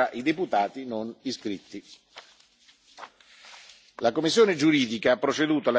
tra i deputati non iscritti. la commissione giuridica ha proceduto alla verifica della sussistenza